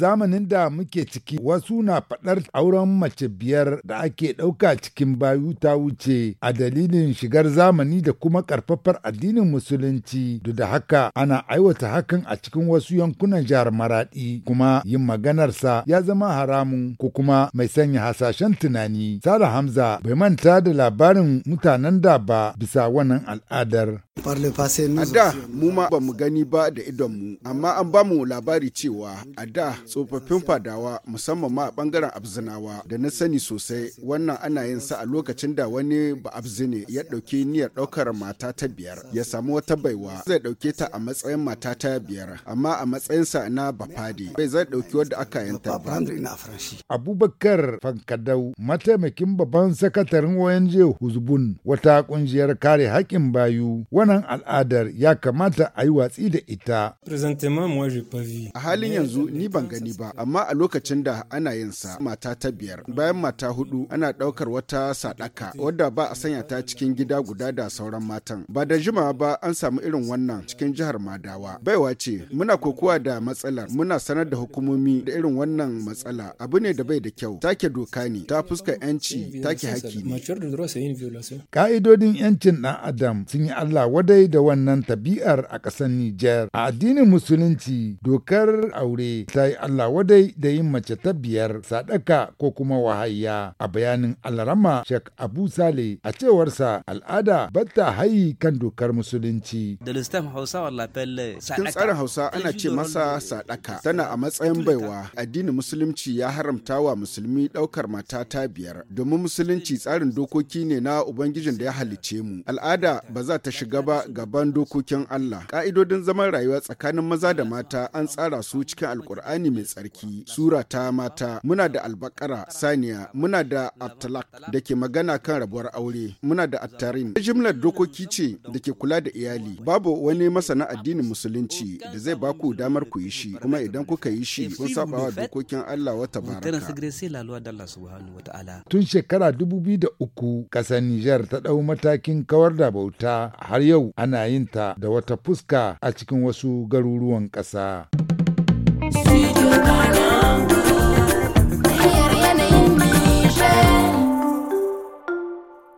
zamanin da muke ciki wasu na faɗar auren mace biyar da ake ɗauka cikin bayu ta wuce a dalilin shigar zamani da kuma ƙarfafar addinin musulunci duk da haka ana aiwata hakan a cikin wasu yankunan jihar maraɗi kuma yin maganarsa ya zama haramun ko kuma mai sanya hasashen tunani sara hamza bai manta da labarin mutanen da ba bisa wannan al'adar a da mu ma ba mu gani ba da idonmu amma an ba mu labari cewa a da tsofaffin fadawa musamman ma a bangaren abzinawa da na sani sosai wannan ana yin sa a lokacin da wani ba abzine ya ɗauki niyyar ɗaukar mata ta biyar ya samu wata baiwa zai ɗauke ta a matsayin mata ta biyar amma a matsayin sa na bafadi bai zai ɗauki wadda aka yanta ba. Abubakar Fankadau mataimakin babban sakataren ONG Huzbun wata kungiyar kare haƙƙin bayu wannan al'adar ya kamata a yi watsi da ita. A halin yanzu ni ban gani ba amma a lokacin da ana yin sa mata ta biyar bayan mata hudu ana daukar wata sadaka wadda ba a sanya ta cikin gida guda da sauran matan ba da jimawa ba an samu irin wannan cikin jihar Madawa baiwa ce muna kokowa da matsalar muna sanar da hukumomi da irin wannan matsala abu ne da bai da kyau take doka ne ta fuska yanci take haki ne ka'idodin yancin dan adam sun yi Allah wadai da wannan tabi'ar a ƙasar Nijar a addinin musulunci dokar aure ta yi Allah wadai da yin mace ta biyar sadaka ko kuma wahayya a bayanin Alarama shek Abu Sale a cewarsa al'ada batta hayi kan dokar musulunci. Da listan Hausa walla pelle sadaka. tsarin Hausa ana ce masa sadaka tana a matsayin baiwa addinin musulunci ya haramta wa musulmi daukar mata ta biyar domin musulunci tsarin dokoki ne na ubangijin da ya halice mu. Al'ada ba za ta shiga ba gaban dokokin Allah. Ka'idodin zaman rayuwa tsakanin maza da mata an tsara su cikin alkur'ani mai tsarki sura ta mata muna da albakara saniya muna da atalak da ke magana kan rabuwar aure muna da attarin attarim jimlar dokoki ce da ke kula da iyali babu wani masana addinin musulunci da zai baku damar ku yi shi kuma idan kuka yi shi kun sabawa dokokin Allah wata baraka tun shekara 2003 kasar Nijar ta dau matakin kawar da bauta har yau ana yin ta da wata fuska a cikin wasu garuruwan ƙasa. you got